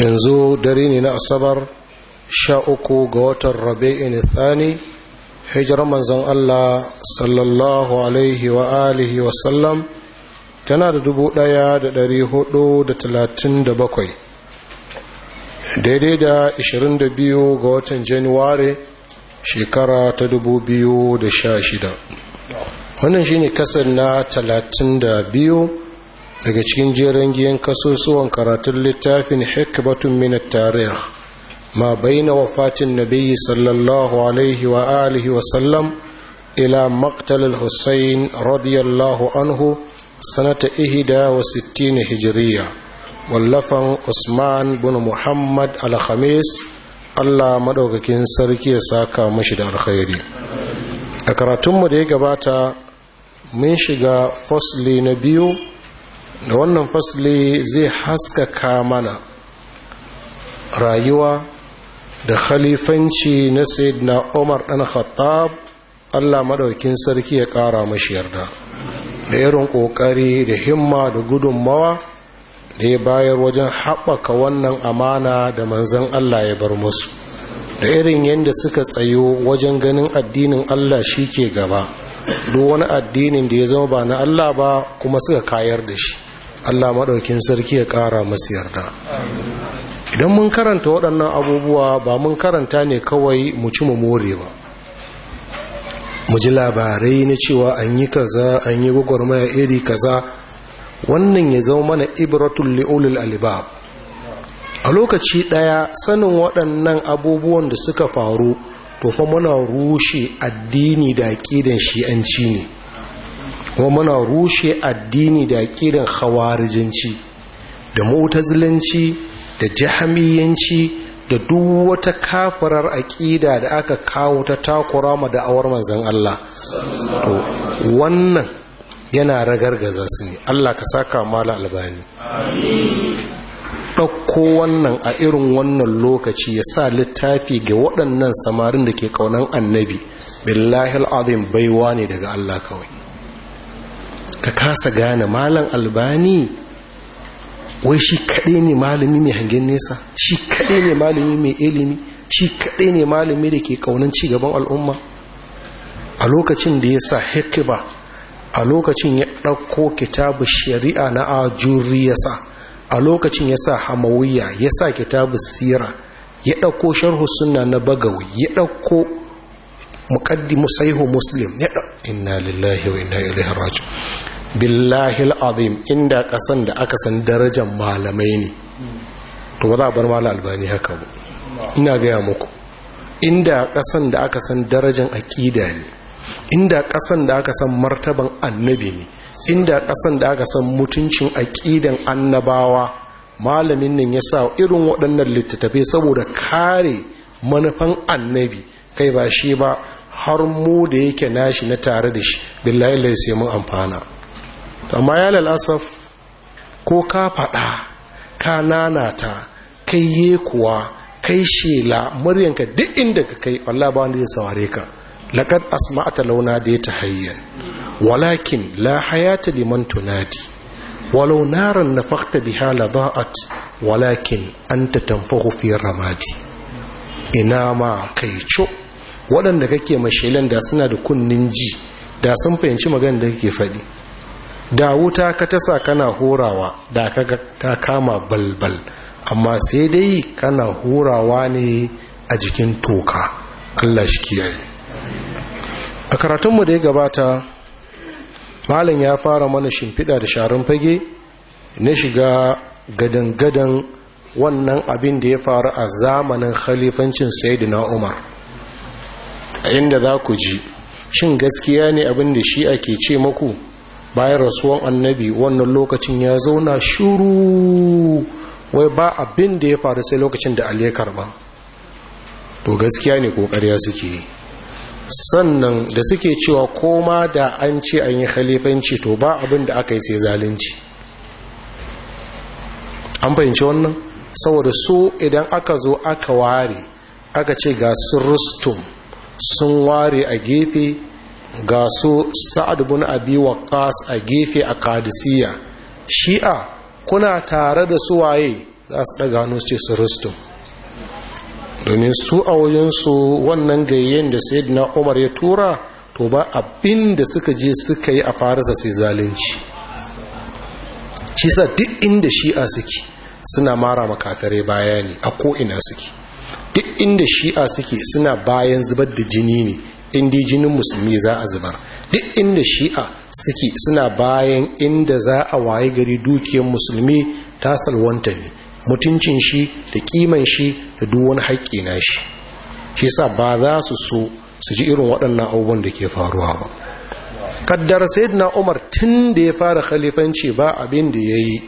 yanzu dare ne na asabar sha uku ga watan rabi'in thani hijirar manzon Allah sallallahu alaihi wa alihi wa sallam tana da dubu daya da dari hudu da talatin da bakwai daidai da ishirin da biyu ga watan januware shekara ta dubu biyu da sha shida wannan shine kasar na talatin da biyu daga cikin jerin giyan kasusuwan karatun littafin hikbatun minat tarih ma baina wafatin nabiyyi sallallahu alaihi wa alihi wa sallam ila maqtal al-husayn radiyallahu anhu sanata ihda wa sittin hijriya wallafan usman bin muhammad al-khamis Allah madaukakin sarki ya saka mashi da alkhairi a karatunmu da ya gabata mun shiga fasli na biyu da wannan fasli zai haskaka mana rayuwa da khalifanci na na umar ɗan khattab allah maɗaukin sarki ya ƙara mashi yarda da irin ƙoƙari da himma da gudunmawa da ya bayar wajen haɓaka wannan amana da manzan allah ya bar musu da irin yadda suka tsayo wajen ganin addinin allah shi ke gaba duk wani addinin da ya zama ba na allah ba kuma suka kayar da shi Allah maɗaukin sarki ya ƙara masu yarda idan mun karanta waɗannan abubuwa ba mun karanta ne kawai mu ci mu more ba mu ji labarai na cewa an yi kaza an yi gwagwarmaya iri kaza wannan ya zama mana ibratul li'ulul alibab a lokaci ɗaya sanin waɗannan abubuwan da suka faru to fa muna rushe addini da aƙidan shi'anci ne kuma muna rushe addini da aƙidan khawarijanci da mutazilanci da jahamiyanci da duk wata kafarar aƙida da aka kawo ta takura ma da awar manzan Allah to wannan yana ragargaza su ne Allah ka saka mala albani ɗauko wannan a irin wannan lokaci ya sa littafi ga waɗannan samarin da ke ƙaunan annabi billahi al'adun baiwa ne daga Allah kawai ka kasa gane malam albani wai shi kaɗai ne malami mai hangen nesa shi kaɗai ne malami mai ilimi shi kaɗai ne malami da ke ƙaunin cigaban al'umma a lokacin da ya sa hikiba a lokacin ya ɗauko kitabu shari'a na ajuri ya sa a lokacin ya sa hamawiya ya sa kitabu sira ya ɗauko sharhu suna na bagawi ya ɗauko muqaddimu saihu muslim ya inna lillahi wa inna ilaihi raji'un billahi alazim inda kasan da aka san darajar malamai ne to ba za a bar malam albani haka ba ina gaya maku. inda kasan da aka san darajar aqida ne inda kasan da aka san martaban annabi ne inda kasan da aka san mutuncin aqidan annabawa malamin nan ya sa irin waɗannan littattafai saboda kare manufan annabi kai ba shi ba har mu da yake nashi na tare da shi billahi lai sai mun amfana amma ya lalasaf ko ka faɗa ka nanata kai ye kuwa kai shela muryanka duk inda ka kai Allah ba wanda zai saware ka laqad asma'ta launa da ya tahayyan walakin la hayata liman tunadi walau naran nafakta biha la da'at walakin anta tanfahu fi ramadi ina ma kai co. waɗanda kake mashelan da suna da kunnin ji da sun fahimci magana da kake faɗi da wuta ka tasa kana horawa da ka ta kama balbal amma sai dai kana horawa ne a jikin toka allah shi kiyaye a karatunmu da ya gabata malam ya fara mana shimfiɗa da sharin fage na shiga gadan-gadan wannan abin da ya faru a zamanin khalifancin saidina umar a inda za ku ji shin gaskiya ne abin da shi ake ce maku bayan rasuwan annabi wannan lokacin ya zauna shuru wai ba abin da ya faru sai lokacin da ali ya karba to gaskiya ne kokariya suke yi sannan da suke cewa koma da an ce an yi khalifanci to ba abin da aka yi sai zalunci an fahimci wannan saboda su idan aka zo aka ware aka ce ga surustum sun ware a gefe ga su sa'ad bin abi waqqas a gefe a kadisiya shi'a kuna tare da su waye za su daga hannu ce su rustum domin su a wajensu wannan gayyen da sayyidina umar ya tura to ba abin da suka je suka yi a farisa sai zalunci shi sa duk inda shi'a suke suna mara makatare baya ne a ko'ina suke duk inda shi'a suke suna bayan zubar da jini ne inda jinin musulmi za a zubar duk inda shi'a suke suna bayan inda za a waye gari dukiyar musulmi ta salwanta ne mutuncin shi da kiman shi da duwan haƙƙi na shi shi sa ba za su so su ji irin waɗannan abubuwan da ke faruwa ba kaddar sayyidina umar tun da ya fara khalifanci ba abin da ya yi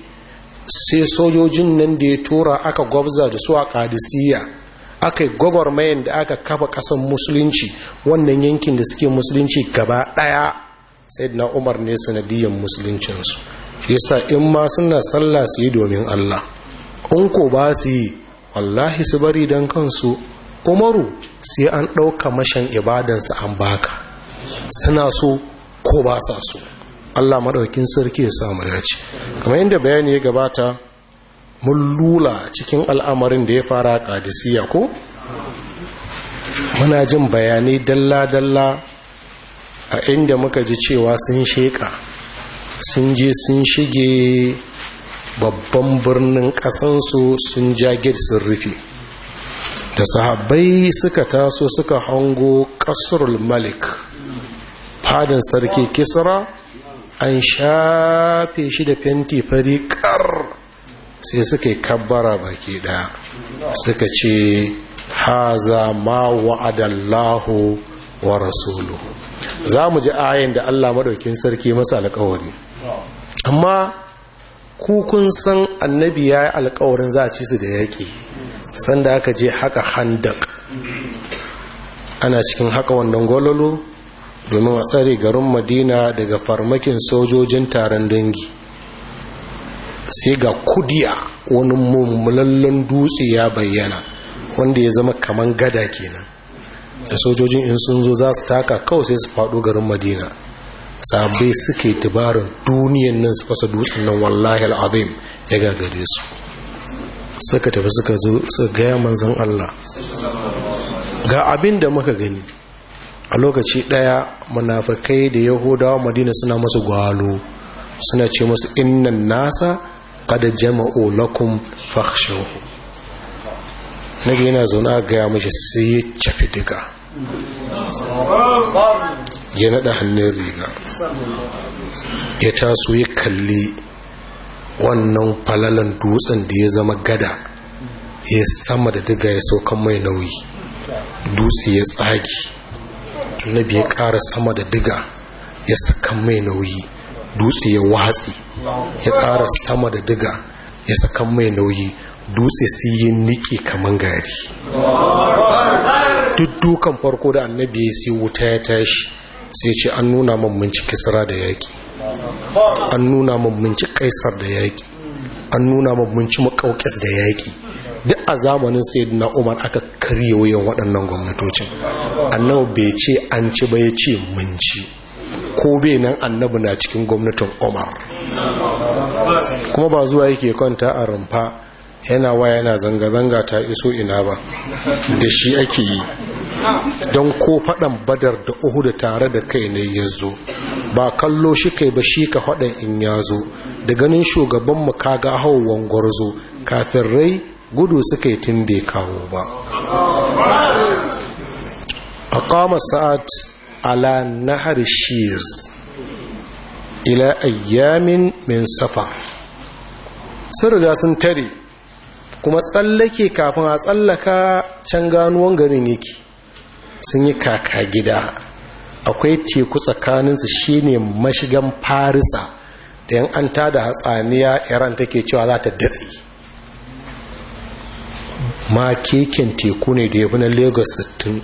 sai sojojin nan da ya tura aka gwabza da su a kadisiyya aka yi gwagwarmayan da aka kafa kasan musulunci wannan yankin da suke musulunci gaba ɗaya sai na umar ne sanadiyyar musuluncinsu shi yasa in ma suna sallah su yi domin allah in ko ba su yi wallahi su bari don kansu umaru sai an ɗauka mashan ibadansa an baka suna so ko ba sa so allah maɗaukin sarki ya samu dace kamar yadda bayani ya gabata mun lula cikin al'amarin da ya fara kadisiya ko? muna jin bayanai dalla-dalla a inda muka ji cewa sun sheƙa sun je sun shige babban birnin ƙasarsu sun jagir sun rufe da sahabbai suka taso suka hango ƙasrul malik fadin sarki kisra an shafe shi da fenti fari kar sai suka kabbara baki ɗaya suka ce haza ma wa'adallahu wa rasulu za mu ji ayin da Allah madaukin sarki masa alkawari amma ku kun san annabi ya yi alkawarin za a ci su da yaƙi sanda aka je haka handak ana cikin haka wannan gwalolo domin a tsare garin madina daga farmakin sojojin taron dangi sai ga kudiya wani mummulallen dutse ya bayyana wanda ya zama kaman gada kenan da sojojin in sun zo za su taka kawai sai su faɗo garin madina sabai suke dabarar duniyan nan su fasa dutsen nan wallahi al'adim ya gagare su suka tafi suka zo su gaya manzan Allah ga abin da muka gani a lokaci ɗaya munafakai da yahudawa madina suna masu gwalo suna ce masu innan nasa qad jama'u lakum fakhshuhu nabi yana zaune a gaya mashi sai ya cafi diga ya naɗa hannun riga ya taso ya kalli wannan falalan dutsen da ya zama gada ya sama da diga ya saukan mai nauyi dutse ya tsagi annabi ya ƙara sama da diga ya saka mai nauyi dutse ya watsi ya ƙara sama da diga ya saka mai nauyi dutse sai yi niƙe kaman gari duk dukan farko da annabi ya sai wuta ya tashi sai ce an nuna mammanci kisra da yaƙi an nuna mammanci kaisar da yaƙi an nuna mammanci makaukis da yaƙi duk a zamanin sai da na'umar aka karye wuyan waɗannan gwamnatocin annabi bai ce an ci ba ya ce mun ci ko bai nan annabi na cikin gwamnatin omar kuma ba zuwa yake kwanta a rumfa yana waya yana zanga-zanga ta iso ina ba da shi ake yi don ko faɗan badar da uhu da tare da kai ne ya zo ba kallo shi kai ba shi ka fadan in ya zo da ganin shugabanmu ga hauwan gwarzo kafin rai gudu suka yi tun bai kawo ba a kama sa'ad ala nahar shirs ila ayyamin min safa sun riga sun tare kuma tsallake kafin a tsallaka can ganuwan garin yake sun yi kaka gida akwai teku tsakaninsu shine mashigan farisa da yan an tada hatsaniya iran take cewa za ta datse ma keken teku ne da ya fi na lagos sittin.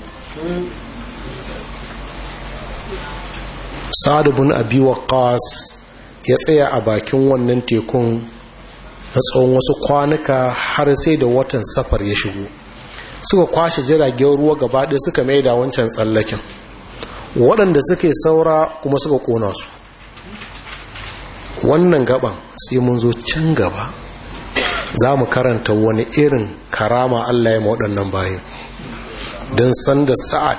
sa'ad bin abi waqas ya tsaya a bakin wannan tekun na tsawon wasu kwanuka har sai da watan safar ya shigo suka kwashe jiragen ruwa gaba ɗaya suka mai da wancan tsallaken waɗanda suka saura kuma suka kona su wannan gaban sai mun zo can gaba za mu karanta wani irin karama allah ya waɗannan bayan don da sa'ad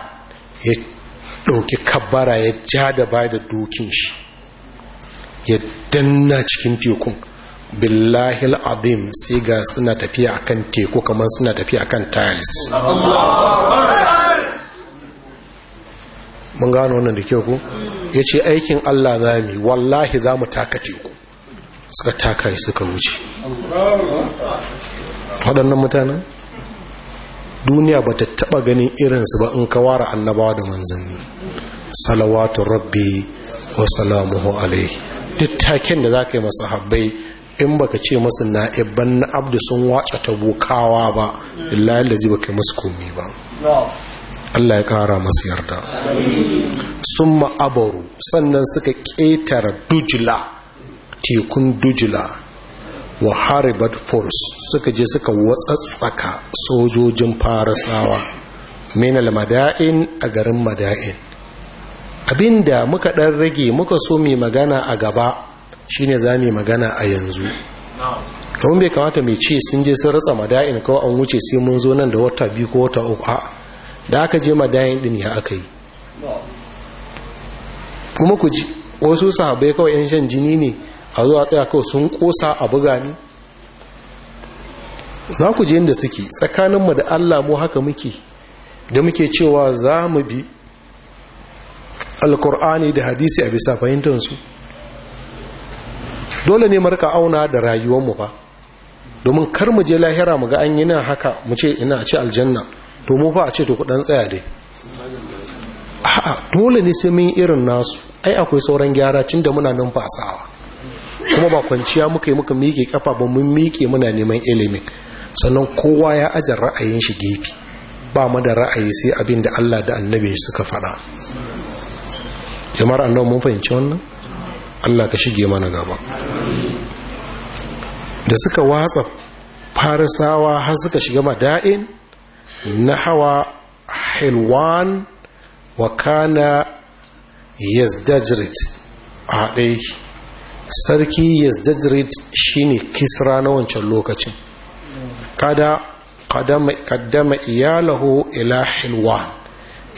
ya ɗauki kabbara ya ja da baya da dokin shi ya danna cikin tekun billahil azim sai ga suna tafiya akan teku kamar suna tafiya akan tiles mun gano wannan da kyau ku ya ce aikin allah za mu wallahi za mu taka teku suka taka suka wuce waɗannan mutanen duniya ba ta taɓa ganin irinsu ba in ka annabawa da manzanni salawatu rabbi wa salamuhu alaihi duk taken da zaka yi masa habbai in baka ce masa na ibban na abdu sun wace ta bukawa ba lillahi lazi baka musu komi ba Allah ya kara masu yarda sun ma'abaru sannan suka ƙetare dujula tekun dujula wa haribat force suka je suka watsatsaka sojojin farisawa mena mada'in a garin mada'in abinda muka ɗan rage muka so mai magana a gaba shine za mu magana a yanzu domin bai kamata mai ce sun je sun ratsa madain kawai an wuce sai mun zo nan da wata biyu ko wata uku a da aka je madain din ya aka yi kuma ku ji wasu sahabai kawai yan shan jini ne a zuwa tsaya kawai sun kosa a buga ne za ku je inda suke tsakaninmu da allah mu haka muke da muke cewa za mu bi alkur'ani da hadisi a bisa fahimtansu dole ne marka auna da rayuwanmu ba domin kar mu je lahira mu ga an yi nan haka mu ce ina ce aljanna to mu fa a ce to kudan tsaya dai a'a dole ne sai mun irin nasu ai akwai sauran gyara cin da muna fasawa kuma ba kwanciya muka yi muka miƙe kafa ba mun miƙe muna neman ilimi sannan kowa ya aje ra'ayin shi gefe ba mu da ra'ayi sai abin da Allah da annabi suka faɗa jama'ar annabi mun fahimci wannan Allah ka shige mana gaba da suka watsa farisawa har suka shiga mada'in na hawa hilwan wa kana yazdajrit a haɗe sarki yazdajrit shine kisra na wancan lokacin kada kaddama iyalahu ila hilwan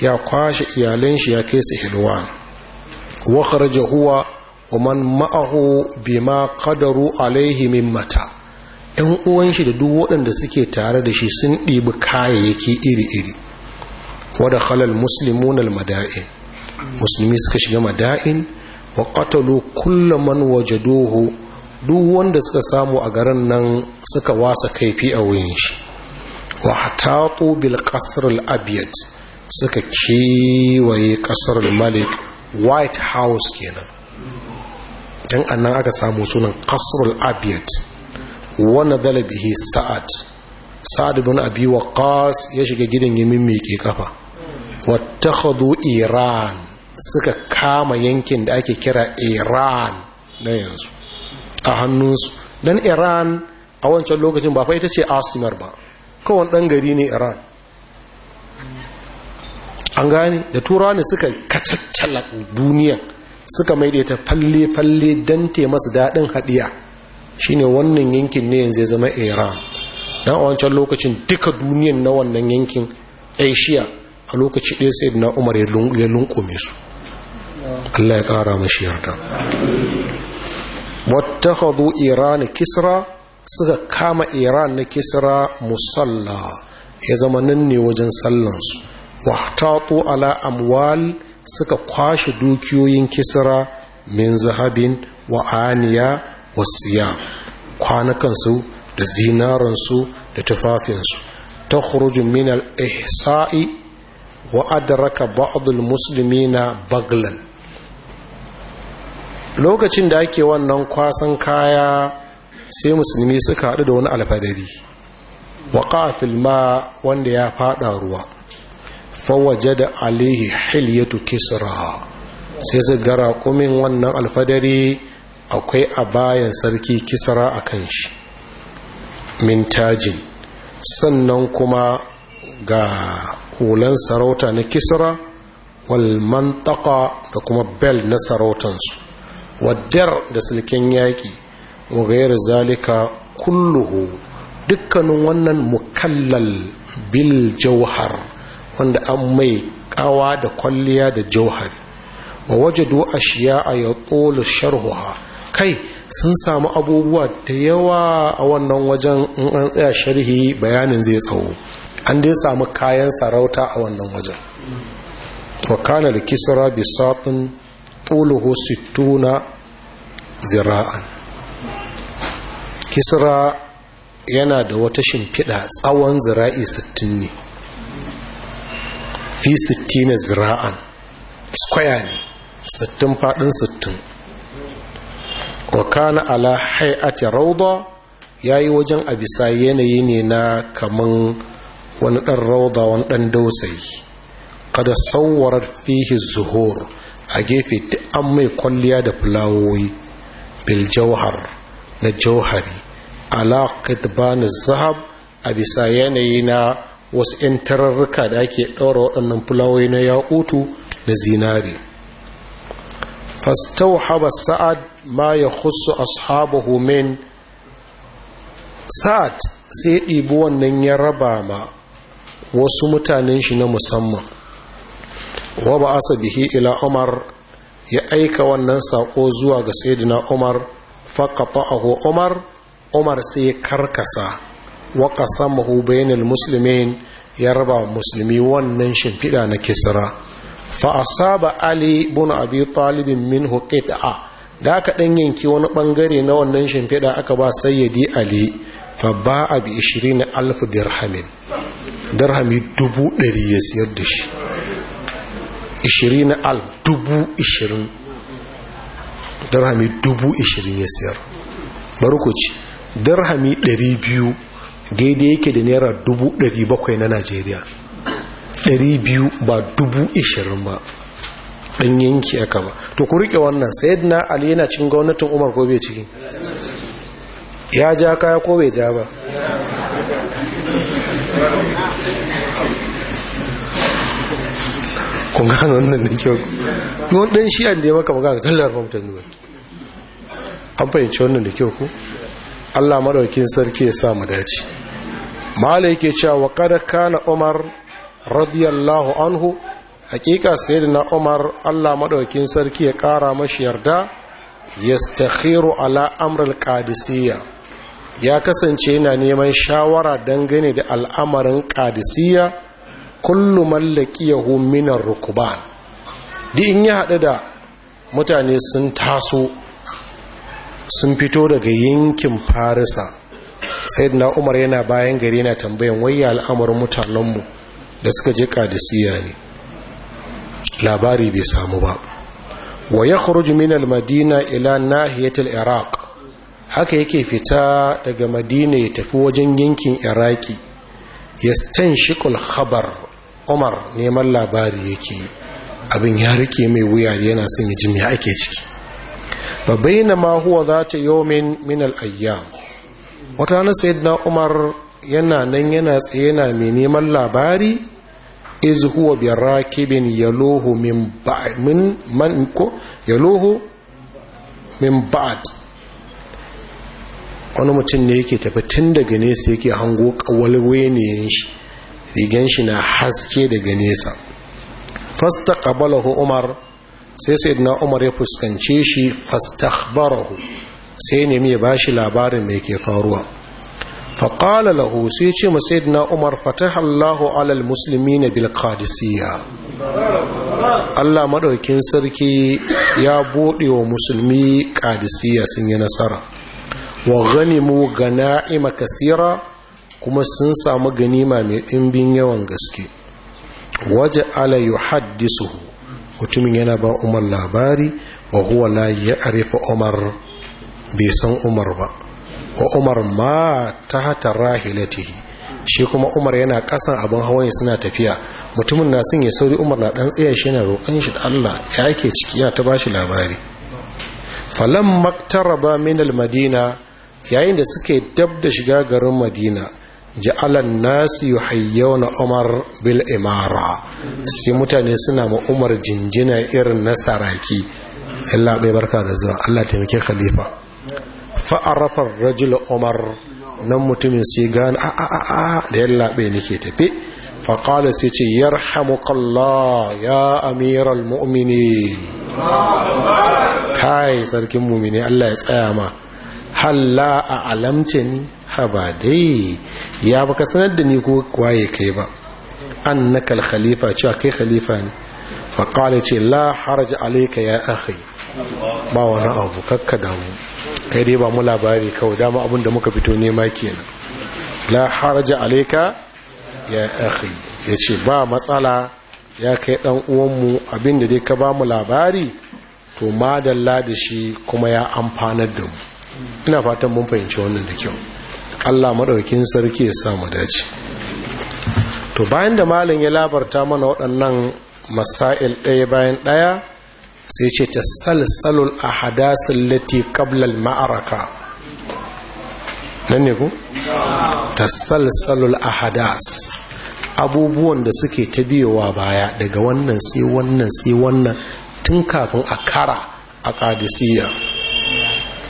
ya kwashe iyalan shi ya kai hilwan wa kharaja huwa wa bima kadaru alaihi min mata Yan uwan shi da duk waɗanda suke tare da shi sun ɗibi kayayyaki iri-iri Wadda halal muslimun madain musulmi suka shiga mada'in wa qatalu kullu man doho duk wanda suka samu a garin nan suka wasa kaifi a wuyin shi wa hatatu bil qasr al abyad suka kewaye qasr al malik white house kenan don annan aka samu sunan kasrul abiyat wani bihi sa'ad sa'ad bin abi waqas ya shiga gidan mai miƙe kafa wattakhadhu iran suka kama yankin da ake kira iran na yanzu a hannunsu dan iran a wancan lokacin ba fa ita ce asimar ba kawai ɗan gari ne iran an gane da turawa ne suka kacaccala duniya suka maida ta falle-falle don masu daɗin haɗiya shine wannan yankin ne yanzu zama iran na a wancan lokacin duka duniyan na wannan yankin aishiya a lokaci ɗaya sai na umar ya lunkume su allah ya ƙara mashi yarda wata hadu iran kisra suka kama iran na kisra musalla ya zama nan ne wajen sallansu wahtatu ala amwal suka kwashe dukiyoyin kisra min zahabin wa aniya wa siya kwanakansu da zinaransu da tufafinsu ta min al-ihsa'i wa adraka al muslimina baglan lokacin da ake wannan kwasan kaya sai musulmi suka haɗu da wani alfadari wa ƙafil ma wanda ya faɗa ruwa fawaje da alihi hilyatu kisra sai su gara kumin wannan alfadari akwai a bayan sarki kisra a kan shi mintajin sannan kuma ga hulan sarauta na kisra walmantaka da kuma bel na sarautansu waddar da silken yaƙi wa zalika kulluhu dukkanin wannan mukallal bil jauhar wanda an mai kawa da kwalliya da jauhari wa wajadu shiya a ya tsola sharhuwa kai sun samu abubuwa da yawa a wannan wajen in an tsaya sharhi bayanin zai tsawo an dai samu kayan sarauta a wannan wajen wa kana da kisra bisatin tuluhu sittuna zira'an kisra yana da wata shimfiɗa tsawon zira'i sittin ne fi 60 zira'an square ne 60 fadin 60 wa kana ala rauda ya yi wajen abisa yanayi ne na kaman wani dan rauda wani dan dausayi kada sauwarar fihi zuhur a gefe ta an mai kwalliya da fulawoyi bil na jauhari ala na zahab a bisa yanayi na wasu 'yan tararruka da ake ɗaura waɗannan fulawai na yaƙutu na zinari fastau haba sa'ad ma ya husu ashabahu homen sa'ad sai ɗibi wannan ya raba ma wasu mutanen shi na musamman wa ba asa bihi ila umar ya aika wannan saƙo zuwa ga Saidina umar faƙaɓa umar umar sai ya karkasa وقسمه بين المسلمين muslimin ya raba musulmi wannan shimfiɗa na علي بن asaba طالب منه abi da aka ɗan yanki wani ɓangare na wannan shimfiɗa aka ba sayyadi ali fa ba a bi 20 alf dirhamin dirhami dubu ɗari ya siyar da shi 20 alf dubu 20 dirhami dubu 20 ya siyar barkuci dirhami ɗari daidai yake da naira dubu ɗari bakwai na najeriya ɗari biyu ba dubu ishirin ba ɗan yanki aka ba to ku riƙe wannan sayid na ali yana cin gwamnatin umar ko bai ciki ya ja kaya ko bai ja ba kun gano wannan da kyau don ɗan shi an da ya maka magana tallar famtar zuwa an fahimci wannan da kyau ku allah maɗaukin sarki ya sa mu dace malai ke cewa wa kada kana umar radiyallahu anhu hakika sai na umar Allah maɗaukin sarki ya ƙara mashi yarda yastakhiru ala amr ya kasance yana neman shawara dangane da al'amarin qadisiyya kullu mallaki laqiyahu min di in ya haɗu da mutane sun taso sun fito daga yankin farisa na umar yana bayan gari yana tambayin waya al'amarin mutanenmu da suka je siya ne labari bai samu ba wa ya khuruju min al-madina ila nahiyatil iraq haka yake fita daga madina ya tafi wajen yankin iraki yastanshikul khabar umar neman labari yake abin ya rike mai wuya yana son ya ji me ake ciki babaina bainama huwa zata yawmin min al-ayyam wata na na umar yana nan yana tsaye na mai neman labari iz huwa bi rakibin min man min ba'd wani mutum ne yake tafi tun daga nesa yake hango kawalwe ne shi rigan shi na haske daga nesa fastaqbalahu umar sai na umar ya fuskance shi fastakhbarahu sai nemi ya bashi labarin mai ke faruwa faƙala lahu sai ce ma sayyidina umar fatahallahu alal musulmi na bilkadisiya allah maɗaukin sarki ya buɗe wa musulmi kadisiya sun yi nasara wa mu gana'ima kasira kuma sun samu ganima mai ɗimbin yawan gaske waje ala yuhaddisuhu mutumin yana ba umar labari wa huwa la ya arifa umar bai san umar ba wa umar ma ta hata rahilatihi shi kuma umar yana kasan abin hawan suna tafiya mutumin na sun ya sauri umar na dan tsaya shi yana roƙon shi da Allah ya yake ciki ya ta bashi labari falan maktaraba min almadina yayin da suke dab da shiga garin madina ja'alan nasi na umar bil imara sai mutane suna ma umar jinjina irin na saraki Allah bai barka da zuwa Allah taimake khalifa fa'arafar rajul umar nan mutumin sai gane a a a a da yallaɓe nike tafe faƙala sai ce ya amiral mu'mini kai sarkin mu'mini allah ya tsaya ma halla a alamce ni dai ya baka sanar da ni ko waye kai ba an na khalifa cewa kai khalifa ne faƙala ce la alaika ya akhi ba wani abu kakka damu kai dai ba mu labari kawai dama abin da muka fito nema kenan la haraja alaika ya akhi yace ba matsala ya kai dan uwanmu abin da dai ka ba mu labari to madalla da shi kuma ya amfanar da mu ina fatan mun fahimci wannan da kyau Allah madaukin sarki ya sa mu dace to bayan da malam ya labarta mana waɗannan masail ɗaya bayan ɗaya sai ce ta salsalul a hadasun lati kablal ma'araka nan ne ku? ta salsalul a hadas abubuwan da suke ta biyowa baya daga wannan sai wannan sai wannan tun kafin a kara a kadisiyya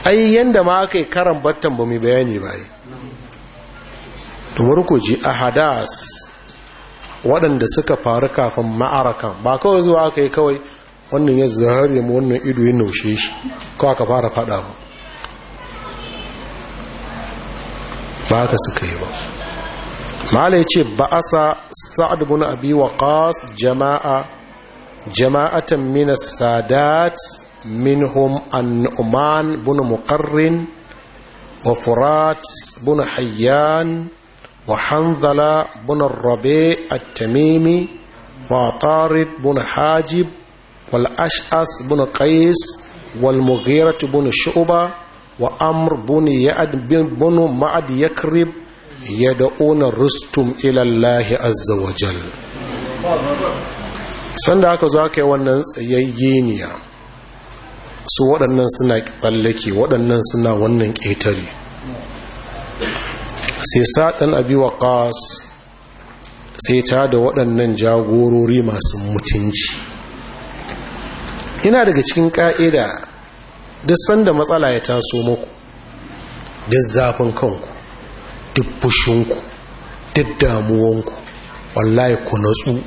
ai yadda ma aka yi karan battan ba mai bayani ba yi domin ku ji a hadas waɗanda suka faru kafin ma'arakan ba kawai zuwa aka yi kawai wannan ya zare mu wannan ido ya naushe shi ko ka fara fada ba ba ka suka yi ba mala ya ce ba'asa sa'ad bin abi waqas jama'a jama'atan min as-sadat minhum an-nu'man bin muqarrin wa furat bin hayyan wa hanzala bin rabi' at-tamimi wa tarid bin hajib wal ash'as bin qais wal bin shu'ba wa amr bin ya'ad bin ma'ad yakrib yad'una rustum ila azza sanda aka zo aka yi wannan tsayayyeniya su waɗannan suna tsallake waɗannan suna wannan ƙetare sai saɗin abi waƙas sai ta da waɗannan jagorori masu mutunci ina daga cikin ka'ida duk sanda matsala ya taso muku duk zafin kanku duk bushinku duk damuwanku wallahi ku natsu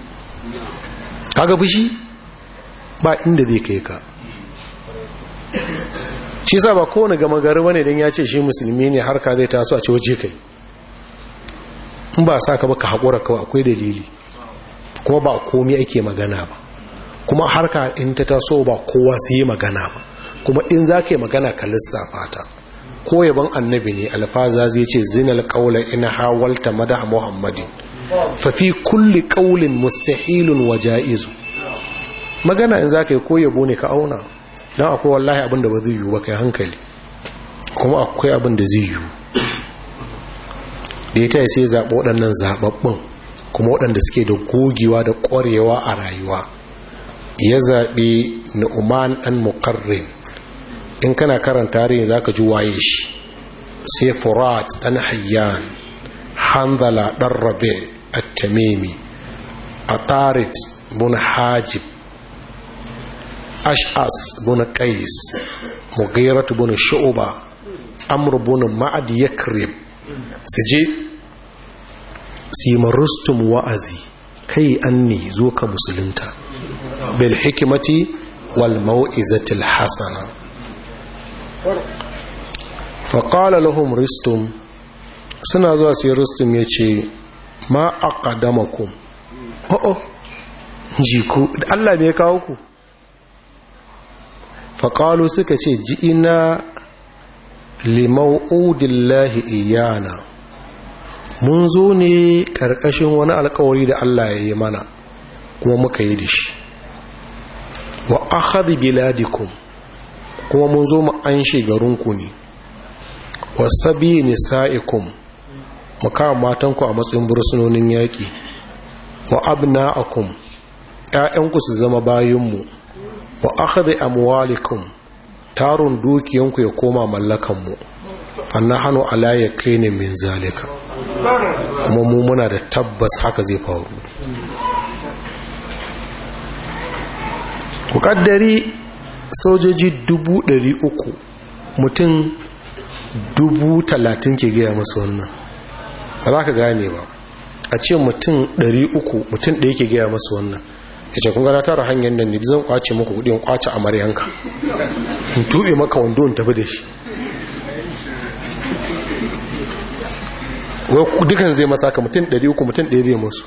kaga fushi ba inda zai kai ka shi sa ba kowane gama gari wani don ya ce shi musulmi ne har ka zai taso a ce waje kai in ba sa ka baka haƙura kawai akwai dalili kuma ba komi ake magana ba kuma harka in ta taso ba kowa su yi magana ba kuma in za ka yi magana ka lissafa ta ko yaban annabi ne alfaza zai ce zinal qaula ina hawalta mada muhammadin fa fi kulli mustahilun wa jaizu magana in za ka yi ko yabo ne ka auna dan akwai wallahi abin da ba zai yiwu ba kai hankali kuma akwai abin da zai yiwu da ya taya sai zaɓo waɗannan zaɓaɓɓun kuma waɗanda suke da gogewa da ƙwarewa a rayuwa ya zaɓi nu'uman ɗan muƙarrin in kana karanta harin za ka ji waye shi sai furat ɗan hayyan hanzala ɗan rabe a tamimi a tarit bun hajib ash'as bun qais mugairat bun shu'uba amr bun ma'ad yakrib su je simarustum wa'azi kai anni zo ka musulunta bil hikimati wal mau'izatil hasana faƙala lahum ristum suna zuwa sai ristum ya ce ma a ƙadamakum o'o oh, oh, jiku allah mai kawo ku faƙalu suka ce ji'ina limau'udillahi iyana mun zo ne ƙarƙashin wani alkawari da allah ya yi mana kuma muka yi da shi wa akhadhi biladikum kuma mun zo mu an garinku ne wa sabi nisaikum mu kama matanku a matsayin bursunonin yaƙi wa abna'akum ƴaƴanku su zama bayinmu wa akhadhi amwalikum tarun dukiyanku ya koma mallakanmu hanu ala yaqinin min zalika kuma mu muna da tabbas haka zai faru ku kaddari sojoji dubu ɗari uku mutum dubu talatin ke gaya masu wannan ba ka gane ba a ce mutum ɗari uku mutum ɗaya ke gaya masu wannan ya ce kun gana tara hanyar nan ne zan kwace maka kudin kwace a maryanka in tuɓe maka wando in tafi da shi dukan zai masa ka mutum ɗari uku mutum ɗaya zai masu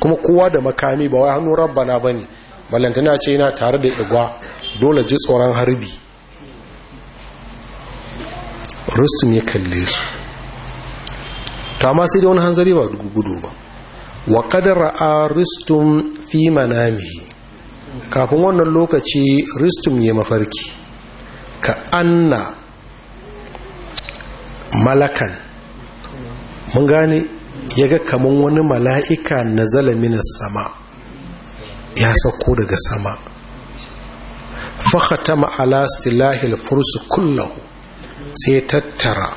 kuma kowa da makami ba wai hannu rabba na ba ne ballantana ce yana tare da igwa dole ji tsoron harbi rustum ya kalle su ta ma sai da wani hanzari ba gudu ba wa kadar a rustum fi manamihi kafin wannan lokaci rustum ya mafarki ka anna malakan mun gane ya ga kamar wani mala'ika na zalamin sama ya sauko daga sama fakhatama ala silahil fursu kullahu sai ya tattara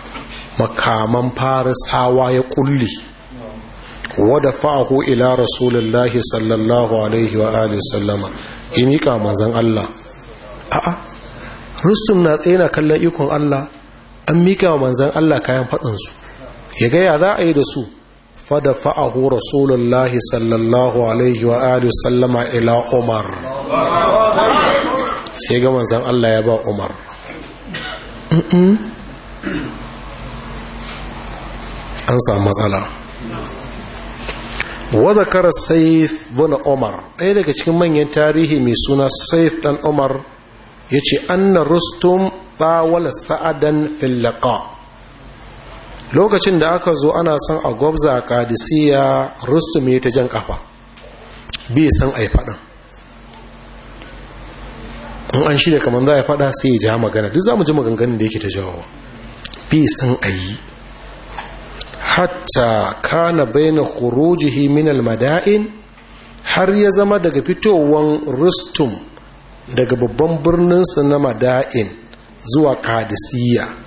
makaman farisawa ya kulli wada fa'ahu ila rasulullahi sallallahu alaihi wa alihi sallama yi miƙa manzan Allah a'a rustum na tsena kallon ikon Allah an miƙa wa manzan Allah kayan faɗinsu ya gaya za a yi da su fadafa'ahu rasulullahi sallallahu alaihi wa alihi ila umar sai ga manzan Allah ya ba umar an samu matsala wadda kara saif umar ɗaya daga cikin manyan tarihi mai suna saif ɗan umar ya ce anna rustum tsawala sa'adan fillaƙa lokacin da aka zo ana son a gwabza kadisiya rusumi ta jan kafa bai san a yi faɗin in an shirya kamar za a yi faɗa sai ya ja magana duk za mu ji maganganun da yake ta jawo bai san a yi hatta kana baina khurujihi min mada'in har ya zama daga fitowar rustum daga babban birninsa na mada'in zuwa kadisiya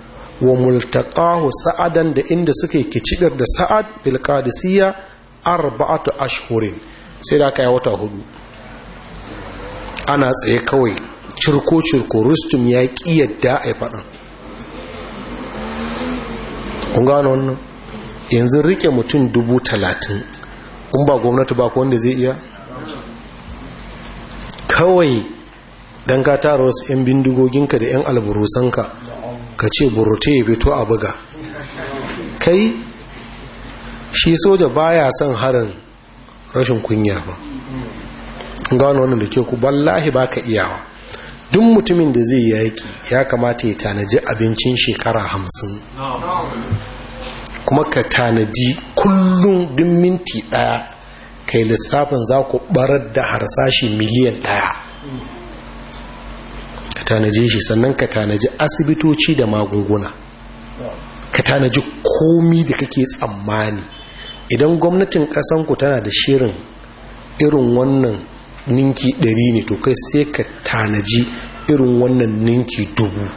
wa multaqahu sa'adan da inda suke kicigar da sa'ad bil qadisiyya arba'atu ashhurin sai da kai wata hudu ana tsaye kawai cirko cirko rustum ya ki yadda yi faɗan. kun gano wannan yanzu rike mutum dubu talatin in ba gwamnati ba wanda zai iya kawai don ka tara wasu 'yan bindigoginka da 'yan alburusanka ka ce burute ya fito a buga kai shi soja baya son harin rashin kunya ba gano wani da ke ku wallahi ba ka iyawa duk mutumin da zai yaki ya kamata ya tanaji abincin shekara hamsin kuma ka tanadi kullum duk minti daya kai lissafin za ku barar da harsashi miliyan daya ka tanaje shi sannan ka tanaji asibitoci da magunguna ka tanaji komi da kake tsammani idan gwamnatin ƙasanku tana da shirin irin wannan ninki ɗari ne to kai sai ka tanaji irin wannan ninki dubu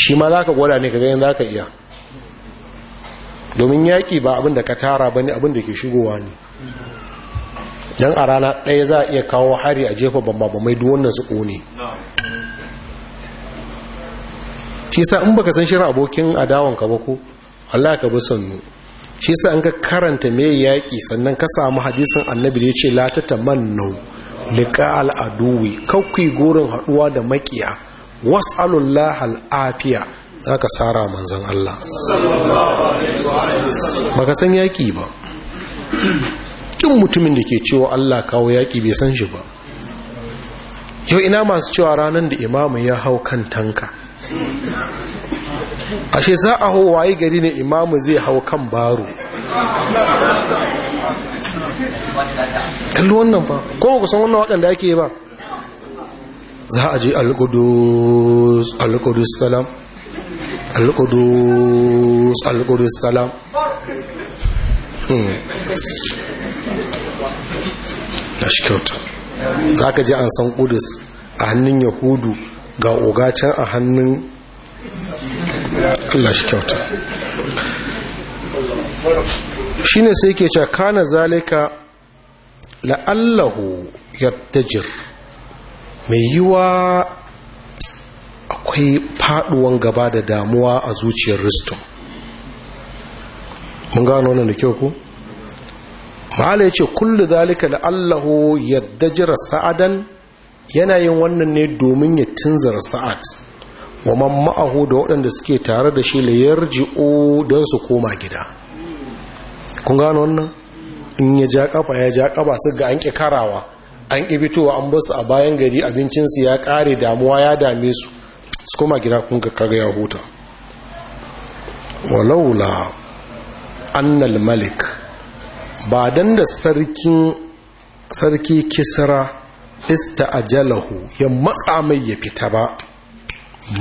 shi ma za ka gwada ne ka gani za ka iya domin yaƙi ba abin da ka tara ba ne abin da ke shigowa ne don a rana ɗaya za a iya kawo hari a jefa bambamai duk wannan su ƙone shisa in baka san shirin abokin adawan ka ba ko Allah ka bi sannu shisa sa an ga karanta me yaƙi sannan ka samu hadisin annabi da ya ce la tatamannu liqa al aduwi kakkui gurin haduwa da makiya was'alullah al afiya zaka sara manzon Allah baka san yaƙi ba kin mutumin da ke cewa Allah kawo yaƙi bai san shi ba yau ina masu cewa ranar da imamu ya hau kan tanka ashe za a hawaye gari ne imamu zai hau kan baro kallon wannan ba kuma kusan wannan waɗanda ake yi ba za a je alkudus alkudus salam alkudus alkudus salam na hmm. shi kyauta za ka ji an san kudus a hannun yahudu ga ogacen a hannun Allah shi kyauta shi ne sai ke cewa kana zalika la'allahu yattajir mai yiwa akwai faduwan gaba da damuwa a zuciyar risto mun gano wannan da kyau ku ma'ala ya ce kullu zalika la'allahu yattajira sa'adan yana yin wannan ne domin ya tunzara sa'ad wa man da waɗanda suke tare da shi la yarji'u don su koma gida kun gano wannan in ya ja kafa ya ja kafa su ga an ƙi karawa an ƙi fitowa an basu a bayan gari abincinsu ya ƙare damuwa ya dame su su koma gida kun ga kare ya huta walaula annal malik ba dan da sarki kisra jalahu ya matsa mai ya fita ba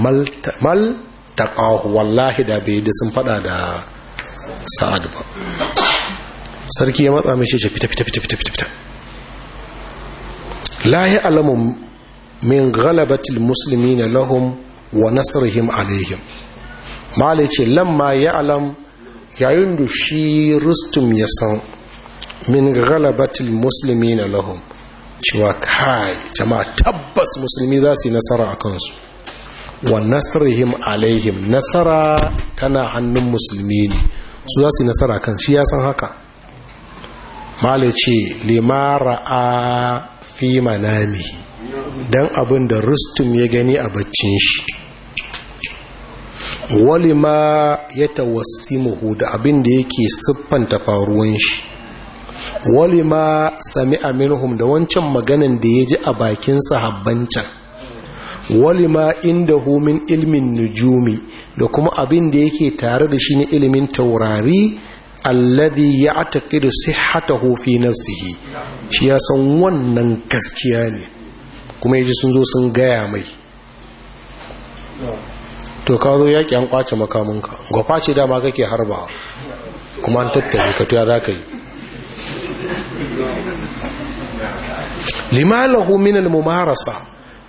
mal taqahu wallahi da bai da sun fada da sa'ad ba sarki ya matsa mai shi fita fita fita fita fita la ya'lamu min musulmi na lahum wa nasrihim alaihim malai ce lamma ya'lam yayin da shi rustum ya san min musulmi na lahum cewa kai jama'a tabbas musulmi za su yi nasara a kansu wa nasrihim alaihim nasara tana hannun musulmi ne su za su yi nasara kan shi ya san haka male ce limara a fi manami don abin da rustum ya gani a baccin shi walima ya tawassimuhu da abin da yake siffanta faruwan shi walima sami aminuhum da wancan maganan da ya ji a bakin sahabbancan can walima inda humin ilmin nujumi da kuma abin da yake tare da shi ne ilimin taurari alladhi da sihhatahu fi nafsihi shi ya san wannan gaskiya ne kuma yaji sun zo sun gaya mai to ka zo yaƙi an kwace makamunka gwafa ce dama kake harbawa kuma an tattali ka to ya ka yi lima lahu min al-mumarasa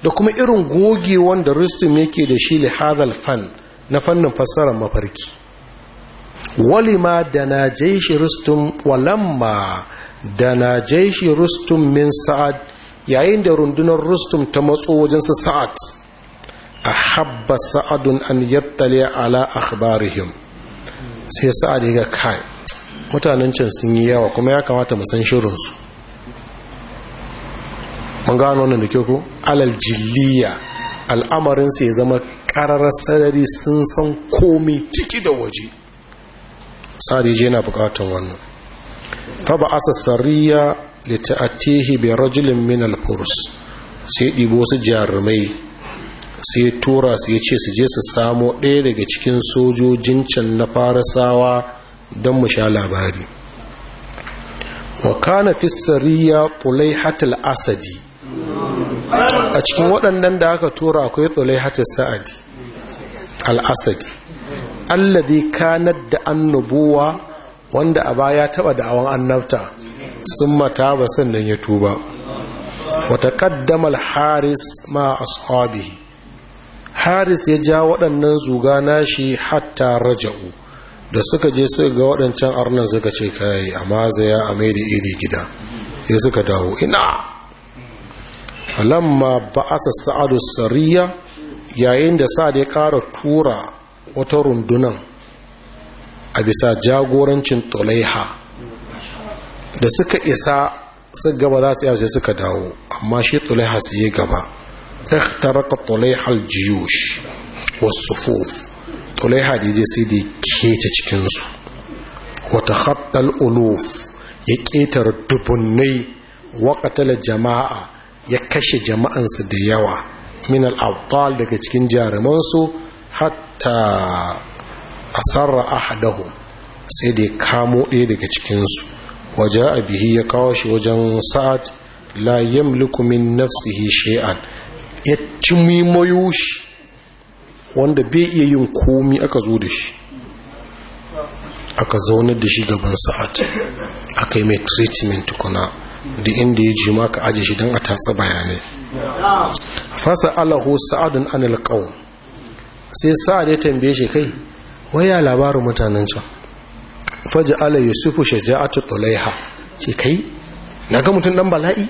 da kuma irin goge wanda rustum yake da shi lihazal fan na fannin fassarar mafarki walima da na jaishi rustum walamma da na jaishi rustum min sa'ad yayin da rundunar rustum ta matso wajen su sa'ad a habba sa'adun an yattale ala akhbarihim sai sa'ad ya ga kai mutanen can sun yi yawa kuma ya kamata mu san shirinsu mun gano wannan da kyau ku alal jilliya su ya zama ƙararar sarari sun san komi ciki da waje je na bukatan wannan fa ba asa sariya lita'atihi bi rajulin min al-furs sai ɗibo su jarumai sai tura su ya ce su je su samo ɗaya daga cikin sojojin can na farisawa don mu sha labari wa kana fi sariya asadi a cikin waɗannan da aka tura akwai tulaihatul sa'adi al'asadi. allabi kanar da annubuwa wanda a baya da awon annabta sun mata ba sannan ya tuba wata kaddamar haris ma ashabihi haris ya ja waɗannan zuga nashi hatta raja'u da suka je suka ga waɗancan arnan suka ce kai amma zaya a mai da iri gida ya suka dawo ina lamma ba'asa sa'adu sariya yayin da sa ya ƙara tura wata rundunan a bisa jagorancin tolaiha da suka isa su gaba za su yawace suka dawo amma shi tolaiha su yi gaba raka tolaiha aljiyush wasu fufu tulaiha da sai da ya keta cikinsu wata khattal uluf ya ƙetare dubunnai waƙatala jama'a ya kashe jama'ansu da yawa min al'abdal daga cikin jarumansu hatta asarra ahadahu sai da ya kamo ɗaya daga cikinsu waje abihi ya kawo shi wajen sa'ad la yamliku min nafsihi shay'an ya ci mimoyo shi wanda bai iya yin komi aka zo da shi aka zaunar da shi gaban sa'ad aka yi mai treatment tukuna da inda ya jima ka aji shi don a tatsa bayanai fasa alahu sa'adun an alƙawun sai sa'ad ya tambaye shi kai waya labarin mutanen can faji ala yusufu shaja'atu tulaiha ce kai na ga mutum dan bala'i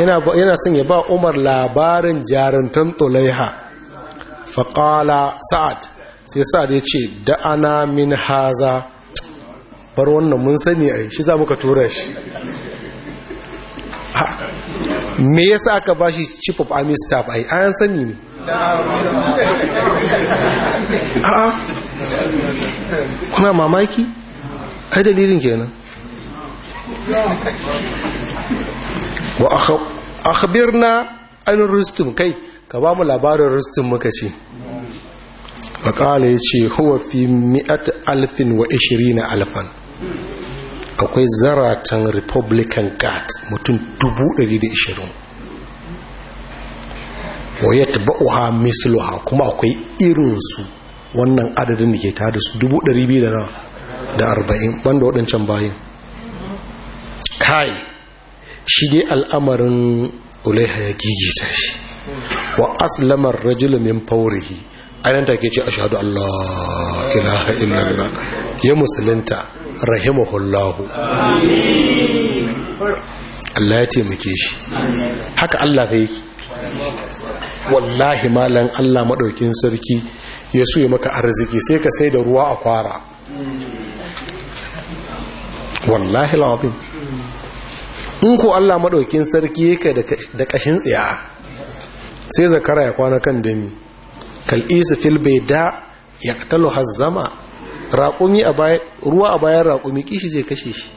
yana son ya ba umar labarin jarantan tulaiha faƙala sa'ad sai sa'ad ya ce da'ana min haza bar wannan mun sani a shi za muka tura shi me yasa aka ba shi chief of army staff yi an sani ne kuna mamaki ai dalilin kenan wa akhbirna an rustum kai ka ba mu labarin rustin muka ce faƙala ya ce huwa fi mi'at alfin wa ishirina alfan akwai zaratan republican guard mutum 120 taba uha misluha kuma akwai irinsu wannan adadin da ke ta da su 240 banda waɗancan bayan kai shi dai al'amarin ulaiha ya gigita shi wa aslamar ar min min a yanta ke ce a shahadu allah ilaha illallah ya musulunta rahimahullahu Allah ya taimake shi haka Allah ka yi wallahi malan Allah maɗaukin sarki ya so maka arziki sai ka sai da ruwa a kwara wallahi lafin in ku Allah maɗaukin sarki ya kai da ƙashin tsaya sai zakara ya kwana kan dami kal'isu fil bai da ya talo hazzama zama, ruwa a bayan raƙumi kishi zai kashe shi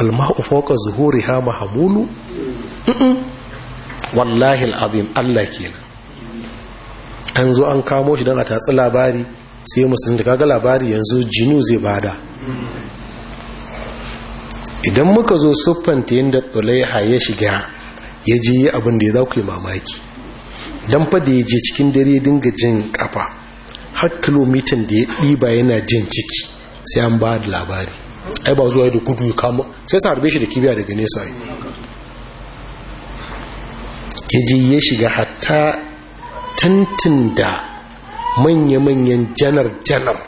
walma ufoka zuhuri ha mahamulu wallahi al'azim allah kenan an zo an kamo shi don a tatsi labari sai musulun da kaga labari yanzu jinu zai bada idan muka zo siffanta yadda tsulai ya shiga ya ji abin da ya za ku yi mamaki don fa da ya je cikin dare dinga jin kafa har kilomitan da ya ɗiba yana jin ciki sai an ba da labari ai ba zuwa da gudu ya kama sai sa harbe shi da kibiya daga nesa yi ya je ya shiga hatta tantin da manya-manyan janar-janar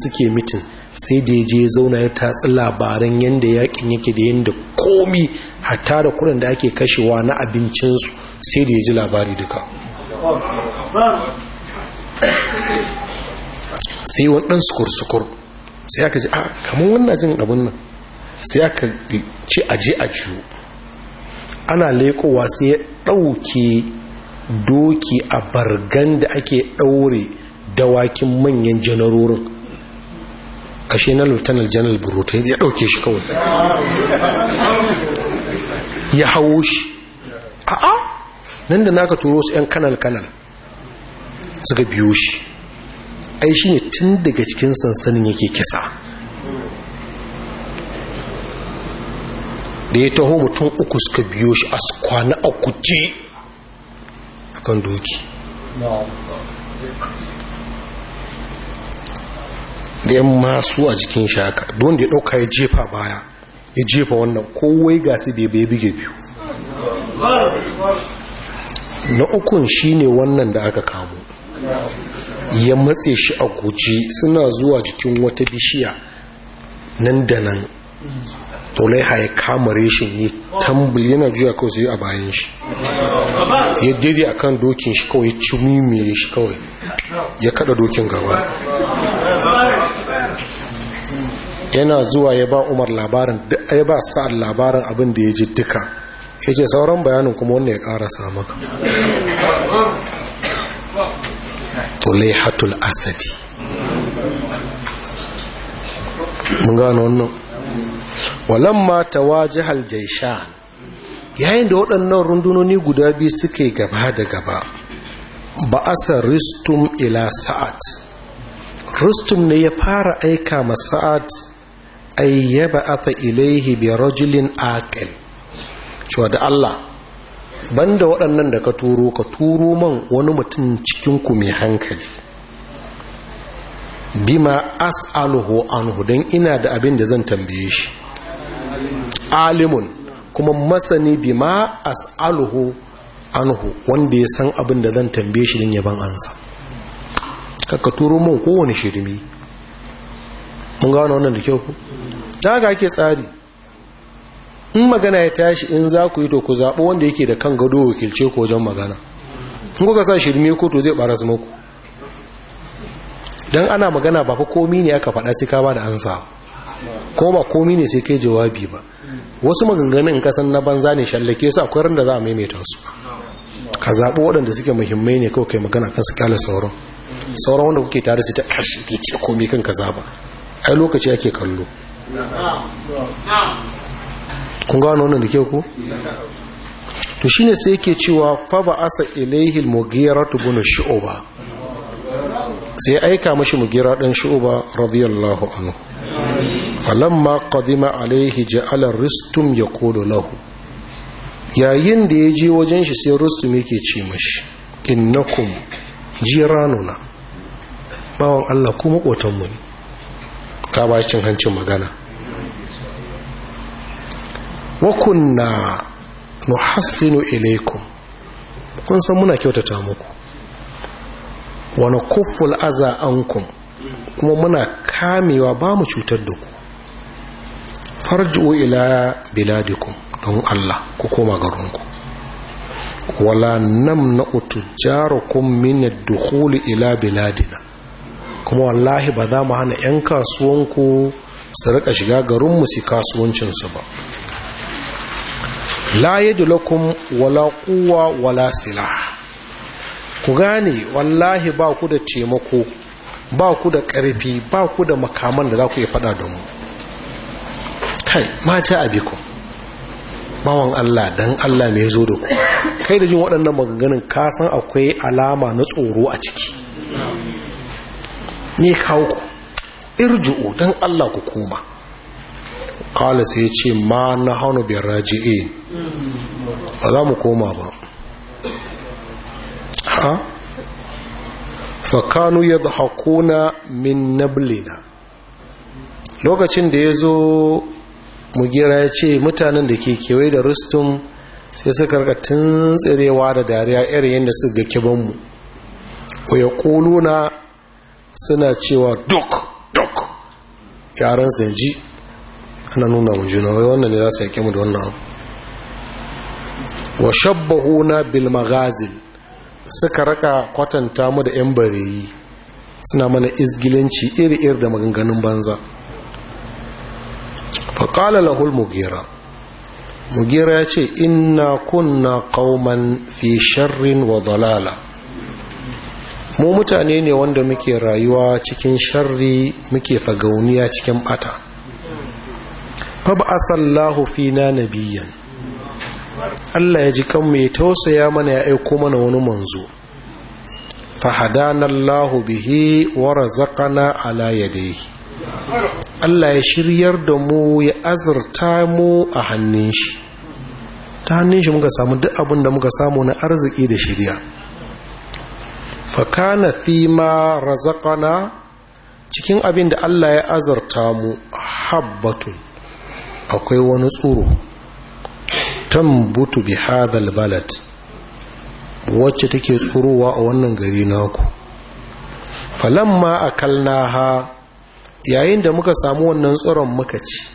suke mitin sai da ya je zauna ya tatsi labaran yadda yakin yake da yadda komi hatta da kudin da ake kashewa na abincinsu sai da ya ji labari duka sai waɗansu sukur-sukur sai aka ji a ah, kamar wannan jin abin nan sai aka ce aje a ciwo ana lekowa sai ya ɗauke doki a bargan da ake ɗaure dawakin manyan janarorin kashe na lieutenant general burutai ya ɗauke shi kawai ya hawo shi nan da naka turo su 'yan kanal-kanal suka biyo shi ai shi ne tun daga cikin sansanin yake kisa da ya taho mutum uku suka biyo shi a kwana a kuce a kan doki da yan masu a jikin shaka don da ya ɗauka ya jefa baya ya jefa wannan kowai gasi bai bai bige biyu na ukun shine wannan da aka kamo ya matse shi a guji suna zuwa jikin wata bishiya nan da nan tolaiha ya kama reshin ya tambul yana juya kawai sai a bayan shi ya daidai a kan dokin shi kawai ya cimimiye shi kawai ya kada dokin gaba yana zuwa ya ba umar labarin ya ba sa'ad labarin abin da ya ji duka ya ce sauran bayanin kuma wanda ya karasa maka tulaihatul asadi mun gano wannan walamma jihar Jaisha, yayin da waɗannan rundunoni guda biyu suke gaba da gaba ba asa ristum ila sa'ad ristum ne ya fara aika ma sa'ad ay yab'atha ilayhi bi rajulin aqil cewa da Allah banda waɗannan da ka turo ka turo man wani mutum cikinku mai hankali bima as'aluhu anhu don ina da abin da zan tambaye shi alimun kuma masani bima as'aluhu anhu wanda ya san abin da zan tambaye shi don yaban ansa kaka turo man kowane shirmi mun gano wannan da kyau ku ta ga ake tsari in magana ya tashi in za ku yi to ku zaɓi wanda yake da kan gado wakilce ko wajen magana in kuka sa shirme ko to zai su muku don ana magana ba fa komi ne aka faɗa sai ka ba da ansa ko ba komi ne sai kai jawabi ba wasu maganganun kasan na banza ne shallake su akwai randa za a maimaita su ka zaɓi waɗanda suke muhimmai ne kawai kai magana kan su kyale sauran sauran wanda kuke tare su ta ƙarshe ke ce komi kan ka zaɓa ai lokaci ake kallo kun gano wannan da ke ku to shine sai yake cewa fa ba asa ilaihi al-mughirah ibn shu'ba sai aika mashi mugira dan shu'ba radiyallahu anhu falamma qadima alaihi ja'ala rustum yaqulu lahu yayin da ya je wajen shi sai rustum yake ce mashi innakum jiranuna bawan Allah ku makotan mu ka ba cin hancin magana wa nuhassinu ilaikum kun san muna kyautata muku wa kuful aza ankum kuma muna kamewa ba mu cutar da ku farju ila biladikum don Allah ku koma garinku wala namna utujjarukum min ad-dukhul ila biladina kuma wallahi ba za mu hana 'yan kasuwanku su rika shiga garinmu su kasuwancinsu ba la yadu wala quwwa wala silah ku gane wallahi ba ku da taimako ba ku da ƙarfi ba ku da makaman da za ku yi fada don mu kai ma ta abiku bawan Allah dan Allah mai zo da ku kai da jin waɗannan maganganun kasan akwai alama na tsoro a ciki ne kawo ku irju'u dan Allah ku koma kala sai ya ce ma na hannu bin raji'in ba za mu koma ba ha fakanu ya hakuna min nablina lokacin da ya zo mugira ya ce mutanen da ke kewaye da rustum sai suka rika tsirewa da dariya irin yadda su ga kibanmu ko ya kuluna suna cewa duk duk yaran sanji ana nuna mu juna wai wannan ne za su yake mu da wannan abu wa shabbahuna bil magazin suka raka kwatanta mu da yan bareyi suna mana izgilanci iri-iri da maganganun banza faƙala lahul mugira mugira ya ce inna kunna ƙauman fi sharrin wa dalala mu mutane ne wanda muke rayuwa cikin sharri muke fagauniya cikin bata fab'asallahu fina nabiyyan Allah ya ji kanmu ya tausaya mana ya aiko mana wani manzo fahadanallahu Allah bihi wa razaqana ala yadayhi Allah ya shiryar da mu ya azurta mu a hannun shi ta hannun shi muka samu duk abin da muka samu na arziki da shirya fakana ma razaqana cikin abin da Allah ya azurta mu habbatun akwai wani tsoro. tambutu bi hadhal balad wacce take tsurowa a wannan gari naku falamma akalnaha yayin da muka samu wannan tsoron muka ci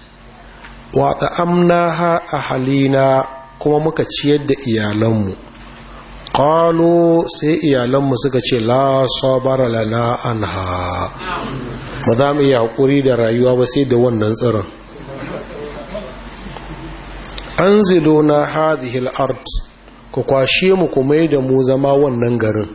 wa ta'amnaha ahalina kuma muka ciyar da iyalanmu qalu sai iyalanmu suka ce la sabara lana anha ba za mu yi hakuri da rayuwa ba sai da wannan tsoron an zido na hadihil art ku kwashe mu ku mai da mu zama wannan garin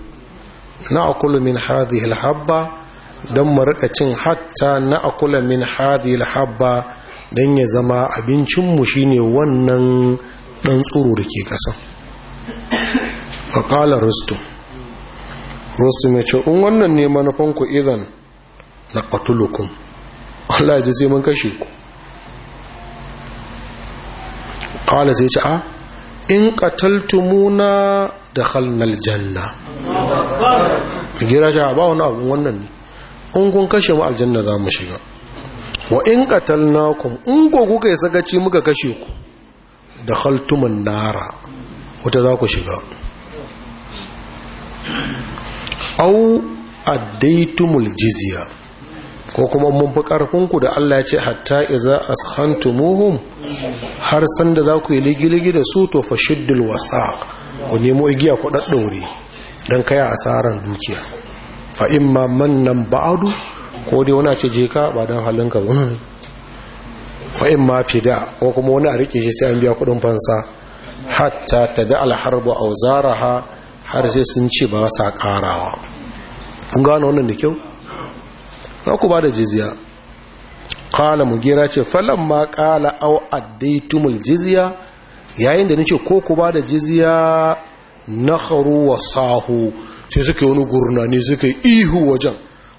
na akulu min hadihil habba don mu rika cin hatta na akula min hadihil habba don ya zama abincinmu shi ne wannan ɗan tsoro da ke ƙasa faƙalar rustu rustu mai ce in wannan ne manufanku idan na ƙatulukun Allah ya sai mun kashe ku qala sai ce a in da halnal janna gira a ba wani abu wannan ne in kashe mu aljanna za mu shiga wa in qatalnakum in ko kuka yi sagaci muka kashe ku da dakhaltumun nara wata za ku shiga au addaitumul jizya ko kuma mun fi ƙarfinku da Allah ya ce hatta iza ashantumuhum har san da za ku yi ligiligi da su to fashiddul wasa ku nemo igiya ku ɗaɗɗaure don kaya asaran dukiya fa in ma man nan ba'adu ko dai wani ce je ka ba don halinka ba fa in ma fida ko kuma wani a rike shi sai an biya kuɗin fansa hatta ta da a auzaraha har sai sun ce ba sa ƙarawa kun gano wannan da kyau za ku ba da jizya kala gira ce falon ma kala au addaitumul jizya yayin da nace ko ku ba da jizya na haru wa sahu sai suka yi wani gurnani suka yi ihu wajen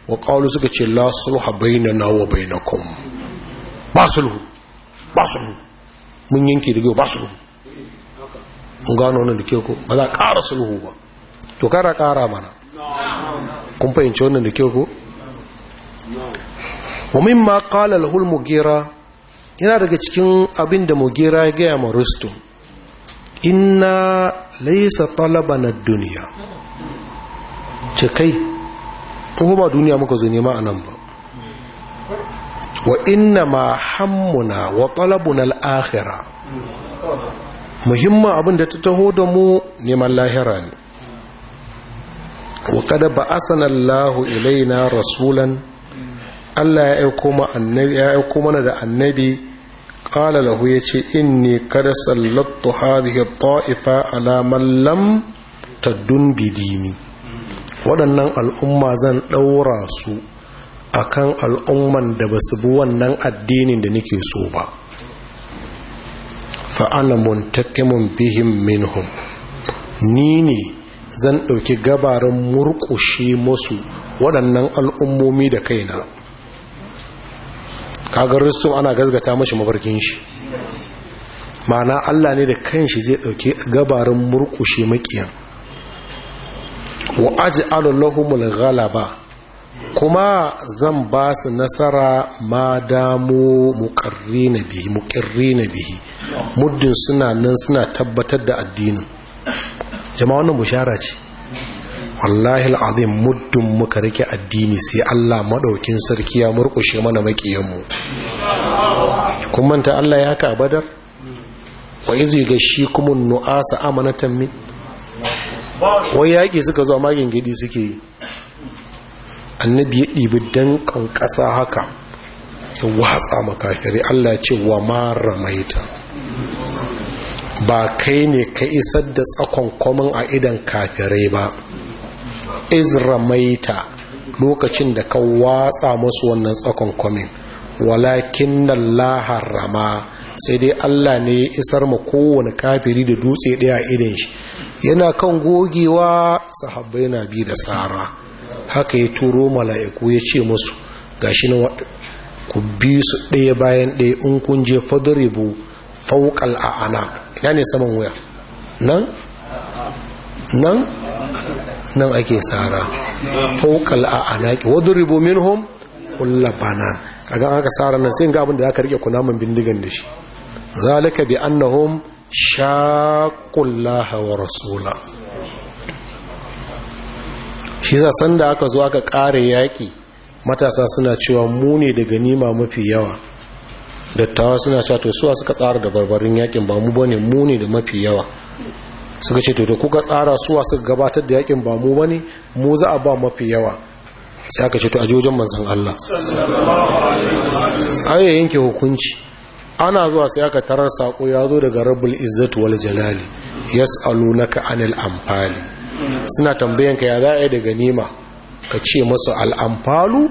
wa kawo suka ce la sulha na wa bainakum ba sulhu ba sulhu mun yanke daga ba sulhu mun gano wani da ke ku ba za a ƙara sulhu ba to kara ƙara mana kun fahimci wannan da ke ku wa قال له المغيرة mugira yana daga cikin abin da mugira ya gaya ma rustum inna laysa talaban ad-dunya ce kai ko ba duniya muka zo nema anan ba wa inna ma hammuna wa talabuna al-akhirah abin da ta taho da mu neman lahira ne wa kada ba asanallahu ilaina rasulan Allah ya aiko ma annabi ya aiko mana da annabi qala lahu yace inni kad sallattu hadhihi at-ta'ifa ala man lam tadun bidini waɗannan al'umma zan ɗaura su akan al'umman da basu bi wannan addinin da nake so ba fa ana muntakimun bihim minhum ni ne zan ɗauki gabarin murƙushe musu waɗannan al'ummomi da kaina kagar rustum ana gazgata mashi mabarkin shi ma'ana allah ne da kanshi zai dauke gabarin murkushe makiyan wa aji alallahumul ghalaba kuma zan ba su nasara ma damu muƙirri muqarrina bihi muddin suna nan suna tabbatar da addinin jama'an mu bushara ce wallahi azim muddin muka rike addini sai Allah madaukin sarki ya murkushe mana mu kun manta Allah ya ka badar wa yanzu ga shi kuma nu'asa amanatan min wai yaƙi suka zo magin gidi suke yi annabi ya ɗibi dan kankasa haka ya watsa makafiri Allah ce wa maramaita ba kai ne ka isar da tsakon kwamin a idan kafirai ba izramaita lokacin da ka watsa masu wannan tsakon kwamin walakin nan rama sai dai Allah ne ya isar ma kowane kafiri da dutse ɗaya idan shi yana kan gogewa sahabbai na bi da sara haka ya turo mala'iku ya ce musu gashi na ku bi su ɗaya bayan ɗaya in kun je fadribu fawqal a'ana ina ne saman waya nan nan nan ake sara fokal a anaki wadda ribo minhum kula banan kaga aka haka sara nan sai ga abin da za rike kunamin bindigan da shi zalika bi annahum shaqullaha wa rasula shi sa sanda aka zo aka kare yaki matasa suna cewa mu ne da ganima mafi yawa dattawa suna cewa to suwa suka tsara da barbarin yakin ba mu bane mu ne da mafi yawa suka ce kuka tsara suwa suka gabatar da yakin ba mu bane mu za a ba mafi yawa sai aka ce to a jojon manzon Allah sai ya yanke hukunci ana zuwa sai aka tarar sako ya zo daga rabbul izzat wal jalali yas'alunaka anil amfali suna tambayanka ya za a yi da ganima ka ce masa al'amfalu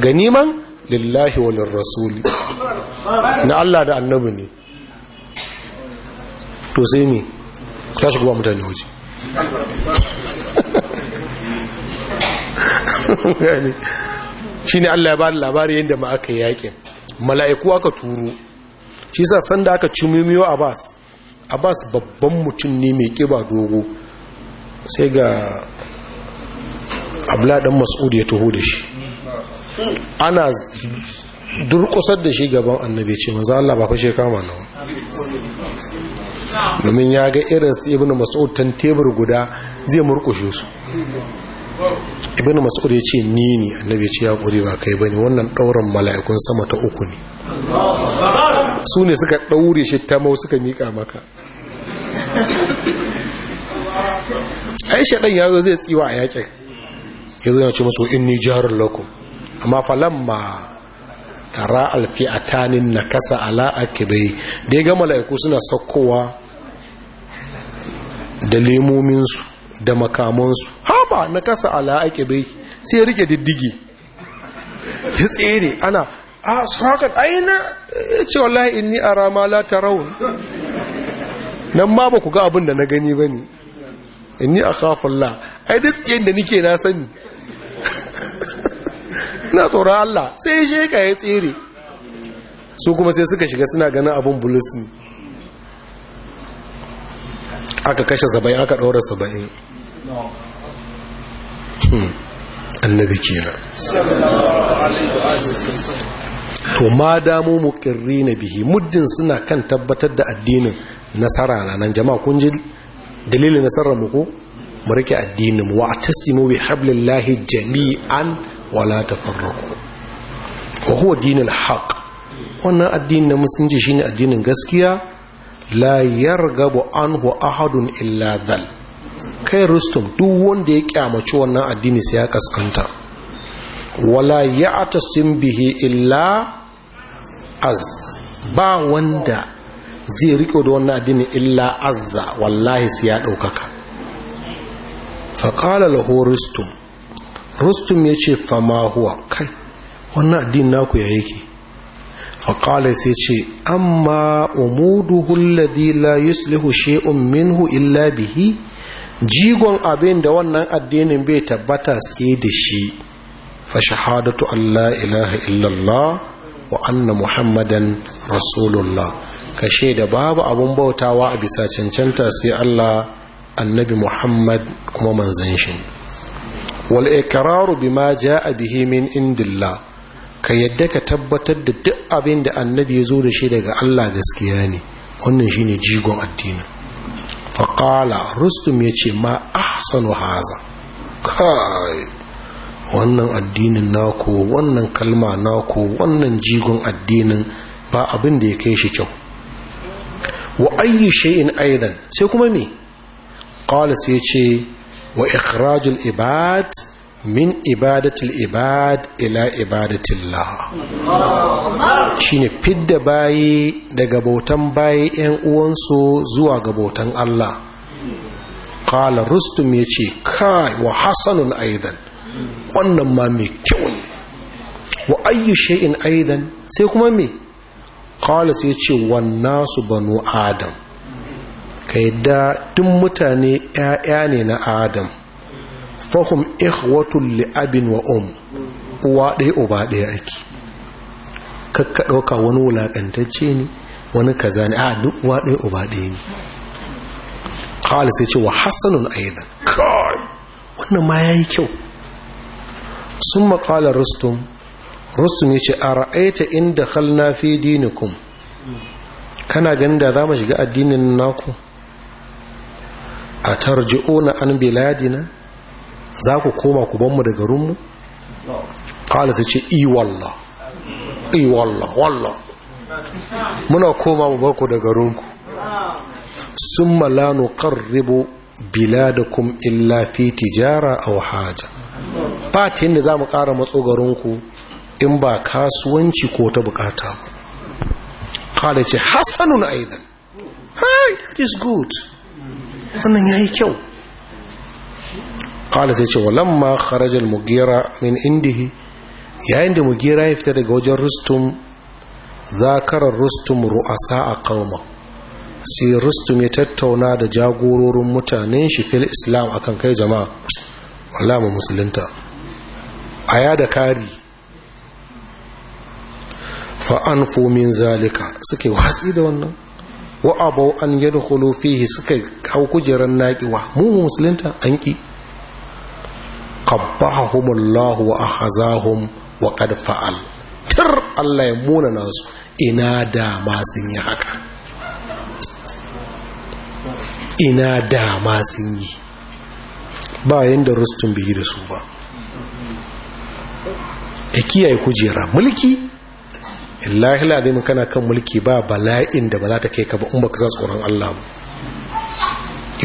ganiman lillahi wa rasuli na Allah da annabi ne to sai ne ta shiga mutane waje shi ne allah ya ba da labari yadda ma aka yakin mala'iku aka turu shi sa sanda aka ci cimimiyo abbas abbas babban mutum ne mai kiba dogo sai ga abladan mas'ud ya taho da shi ana durkusar da shi gaban annabi ce manzo Allah ba fashe kama nan domin ya ga irin su ibn masu'ud tan tebur guda zai murkushe su ibn mas'ud ya ce ni ne annabi ce ya kuri ba kai bane wannan ɗaurin mala'ikun sama ta uku ne su ne suka ɗaure shi ta mau suka mika maka aisha ɗan yazo zai tsiwa a yakin yazo ya ce musu inni jarul lakum amma falamma tara alfi'atanin na kasa ala akibai da ya ga mala'iku suna saukowa da lemominsu da makamansu haba na kasa ala'aƙe bai sai rike diddigi ya tsere ana a ah, sakat aina ya ce wallahi ni a rama la nan ma ba ku ga abin da na gani ba ne In ni a kafin ai duk yin da nike na sani ina tsoron Allah sai sheka ya tsere su kuma sai suka shiga suna ganin abin bulus ne aka kashe saba'in aka ɗaura saba'in hmm. annabi kenan to ma damu muƙirri na bihi muddin suna kan tabbatar da addinin nasara na nan jama'a kun ji dalilin nasarar muku mu rike addinin mu a tasimu bi hablillahi jami'an wala tafarraqu wa huwa dinin haƙ wannan addinin na shi ne addinin gaskiya la yargabu anhu ahadun illa dal kai rustum duk wanda ya kyamaci wannan addini sai ya kaskanta wala ya'tasim bihi illa az ba wanda zai riko da wannan addini illa azza wallahi sai ya daukaka faqala lahu rustum rustum yace fama huwa kai wannan addini naku ya yake faƙala sai ce amma umuduhu alladhi la yuslihu shay'un minhu illa bihi jigon abin da wannan addinin bai tabbata sai da shi fa shahadatu Allah ilaha illallah wa anna muhammadan rasulullah kashe da babu abun bautawa a bisa cancanta sai Allah annabi muhammad kuma manzan shi wal ikraru bima jaa bihi min indillah ka yadda ka tabbatar da duk abin da annabi ya zo da shi daga Allah gaskiya ne wannan shi ne jigon addinin faƙala rustum ya ce ma ahsanu haza kai wannan addinin naku wannan kalma naku wannan jigon addinin ba abin da ya kai shi kyau wa ayyu shay'in aidan sai kuma me qala sai ce wa ikhrajul ibad min ibadatul ibad ila ibadatillah shine fidda bayi daga bautan bayi yan uwansu zuwa ga bautan Allah qala rustum yace kai wa hasanun aidan wannan ma mai kyau ne wa ayyu shay'in aidan sai kuma me qala sai yace su banu adam kai da duk mutane ƴaƴa ne na adam fahim ikhwatun li'abin wa um uwa ɗaya uba ɗaya ake kakka ɗauka wani wulaƙantacce ne wani kaza ne a duk uwa ɗaya uba ɗaya ne kawai sai ce wa hassanun aida kai wannan ma ya yi kyau sun maƙala rustum rustum ya ce a ra'aita inda halna fi dinikun kana ganin da za mu shiga addinin naku a tarji'una an biladina za ku koma ku banmu da garinmu kala sai ce iwalla iwalla walla muna koma mu barku da garinku sun bila karribo biladakum illa fi tijara a wahaja ba ta za mu ƙara matso garinku in ba kasuwanci ko ta bukata ba kala ce hassanun aida hi that is good wannan ya yi kyau qala sai ce walamma kharaja al-mughira min indihi yayin da gira ya fita daga wajen rustum zakara rustum ru'asa a qauma sai rustum ya tattauna da jagororin mutanen shi fil islam akan kai jama'a wallahi musulunta aya da kari fa anfu min zalika suke watsi da wannan wa abau an yadkhulu fihi suka hau kujeran naqiwa mu musulunta an ki qabbahumullahu wa ahazahum wa qad fa'al tir Allah ya muna nasu ina da ma sun yi haka ina da ma sun yi ba yanda rustun bai yi da su ba da kiyaye kujera mulki illahi lazim kana kan mulki ba bala'in da ba za ta kai ka ba in baka sa tsoron Allah ba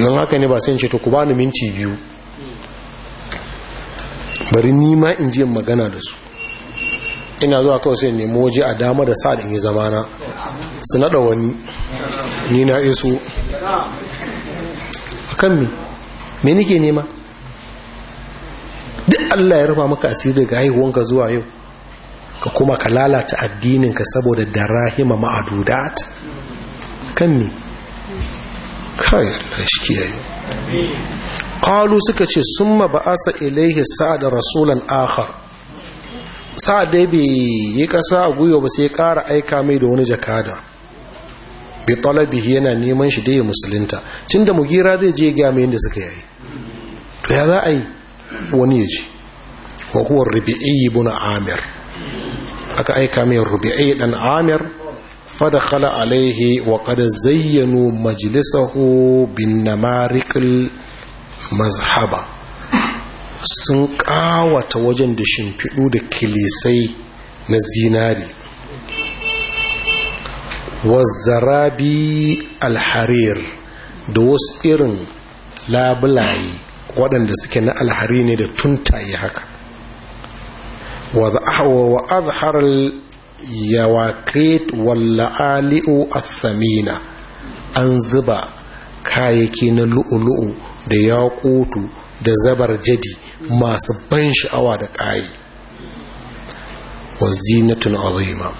yawan haka ne ba sai in ce to ku bani minti biyu bari ni ma in ji magana da su ina zuwa kawai sai nemo waje a dama da sa in yi zamana su naɗa wani ni na iso a kan mi me nike nema duk allah ya rufa maka asiri daga haihuwanka zuwa yau ka kuma ka lalata addininka saboda da rahima ma'adudat kan mi kai allah shi qalu suka ce summa ba'asa ilaihi sa'ad rasulan akhar sa'ad dai bai yi kasa a guyo ba sai ya ƙara aika mai da wani jakada bi talabihi yana neman shi dai musulunta tunda da mugira zai je ga mai yadda suka yayi to ya za a yi wani ya ji wa huwa rubi'i ibn amir aka aika mai rubi'i dan amir fadakhala alaihi wa zayyano majalisa majlisahu bin namarikil mazhaba sun kawata wajen da shimfiɗu da kilisai na zinari wazzarabi alharir da wasu irin labulaye waɗanda suke na alhari ne da tuntaye haka wa azhar yawaqit walla'ali'u athamina an zuba kayayyaki na lu'ulu'u da yakutu da zabar jadi masu ban sha'awa da ƙayi wa zinatun azima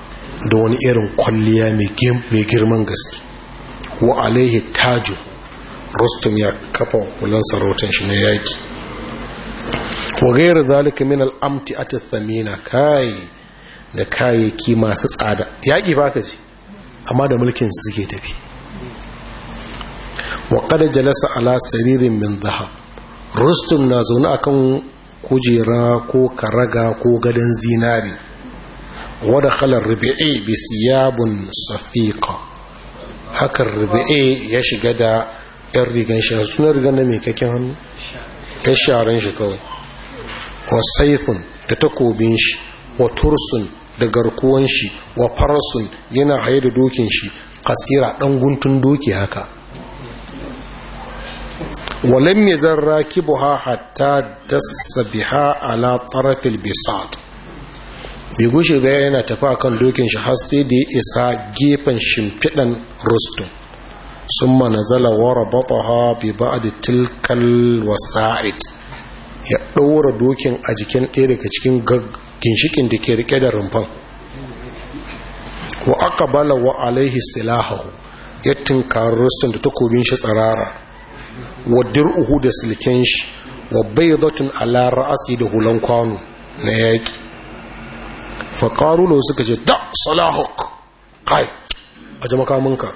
da wani irin kwalliya mai girman gaske wa alaihi taju rustum ya kafa kulan sarautar shi na yaki wa gairar zalika min al'amti a tattamina kayi da kayayyaki masu tsada yaki ba ka ce amma da mulkin suke tafi wa kada jalasa ala saririn min zahab rustum na zaune akan kujera ko karaga ko gadon zinari wadda kalar rubi'i bi siyabun safiqa hakan rubi'i ya shiga da yan rigan shi sunan rigan da mai kakken hannu ya sharan shi kawai wa saifun da takobin shi wa tursun da garkuwan shi wa farasun yana haye da dokin shi kasira dan guntun doki haka walam yazar rakibuha hatta dasa biha ala tarafil bisat bai gushe ba yana tafi akan dokin shi har sai da ya isa gefen shimfiɗan rustun sun manazala wara bataha bi ba'adi tilkal wasa'id ya ɗaura dokin a jikin ɗaya daga cikin ginshikin da ke rike da rumfan wa aka bala wa alaihi silahu ya tunkar rustun da takobin shi tsirara wa uhu da silken shi wa baydatun ala ra'asi da hulan kwano na yaki fa qarulo suka ce da salahuk kai a jama kamunka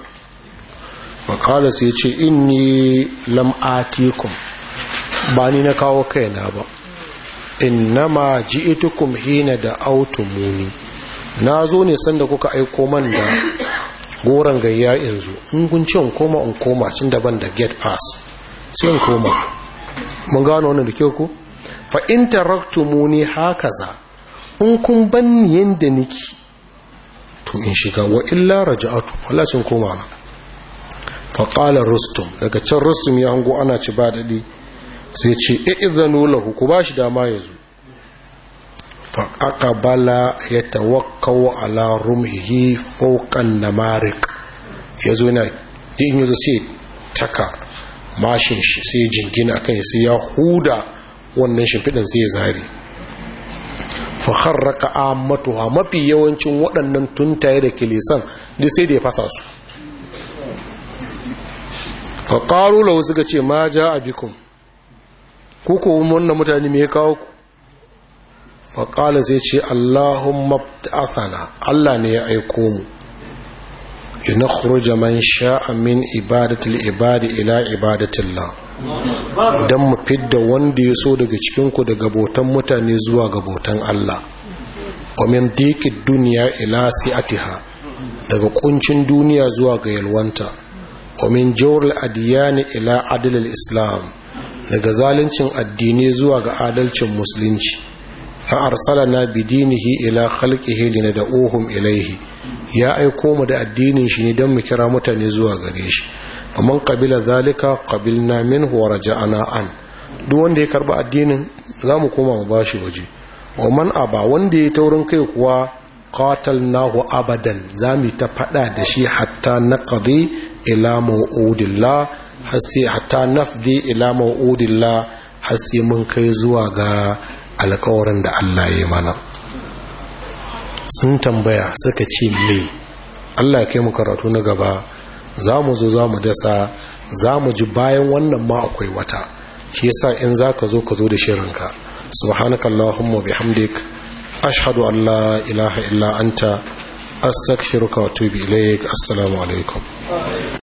fa qala sai ce inni lam atikum ba ni na kawo kaina ba innama ji'itukum hina da autumuni na zo ne sanda kuka aiko man da goron gayya yanzu in kun ce in koma in koma cin daban da get pass sai in koma mun gano wannan da kyau ko fa in ne hakaza in kun banni yanda niki to in shiga wa illa raja'atu wallahi sun koma na fa qala rustum daga can rustum ya hango ana ci ba dadi sai ce e, idzanu lahu ku bashi dama yazo fa aqbala yatawakkau ala rumhihi fawqan namariq yazo ne din yazo sai taka mashin shi sai jingina kai sai ya huda wannan shimfiɗin sai ya zari faharraka amatuwa mafi yawancin waɗannan tuntaye da kilisan da sai da ya fasa su faƙaru lau suka ce ma ja abikun ku ko wannan mutane mai kawo ku faƙalin sai ce allahun asana, allah ne ya aiko mu yunakhruja man sha'a min ibadatil ibadi ila ibadatillah dan mu fidda wanda ya so daga cikin ku daga botan mutane zuwa ga botan Allah wa min dhiqid ila si'atiha daga kuncin duniya zuwa ga yalwanta wa min jawril ila adl islam daga zaluncin addini zuwa ga adalcin musulunci fa na bidinihi ila khalqihi linad'uhum ilaihi. ya aiko mu da addinin shi ne don mu kira mutane zuwa gare shi kamar kabila zalika qabilna minhu wa raja'ana an duk wanda ya karba addinin za mu koma mu bashi waje wa man aba wanda ya taurin kai kuwa qatalnahu abadan za mu ta fada da shi hatta naqdi ila mau'udillah har sai hatta nafdi ila mau'udillah hasi mun kai zuwa ga alkawarin da Allah ya yi mana sun tambaya suka ce me allah kai mu karatu na gaba za mu zo za mu dasa za mu ji bayan wannan ma akwai wata shi yasa in za ka zo ka zo da shirinka subhanaka allahumma bihamdik ashhadu an la ilaha illa anta astaghfiruka wa atubu ilaik assalamu alaikum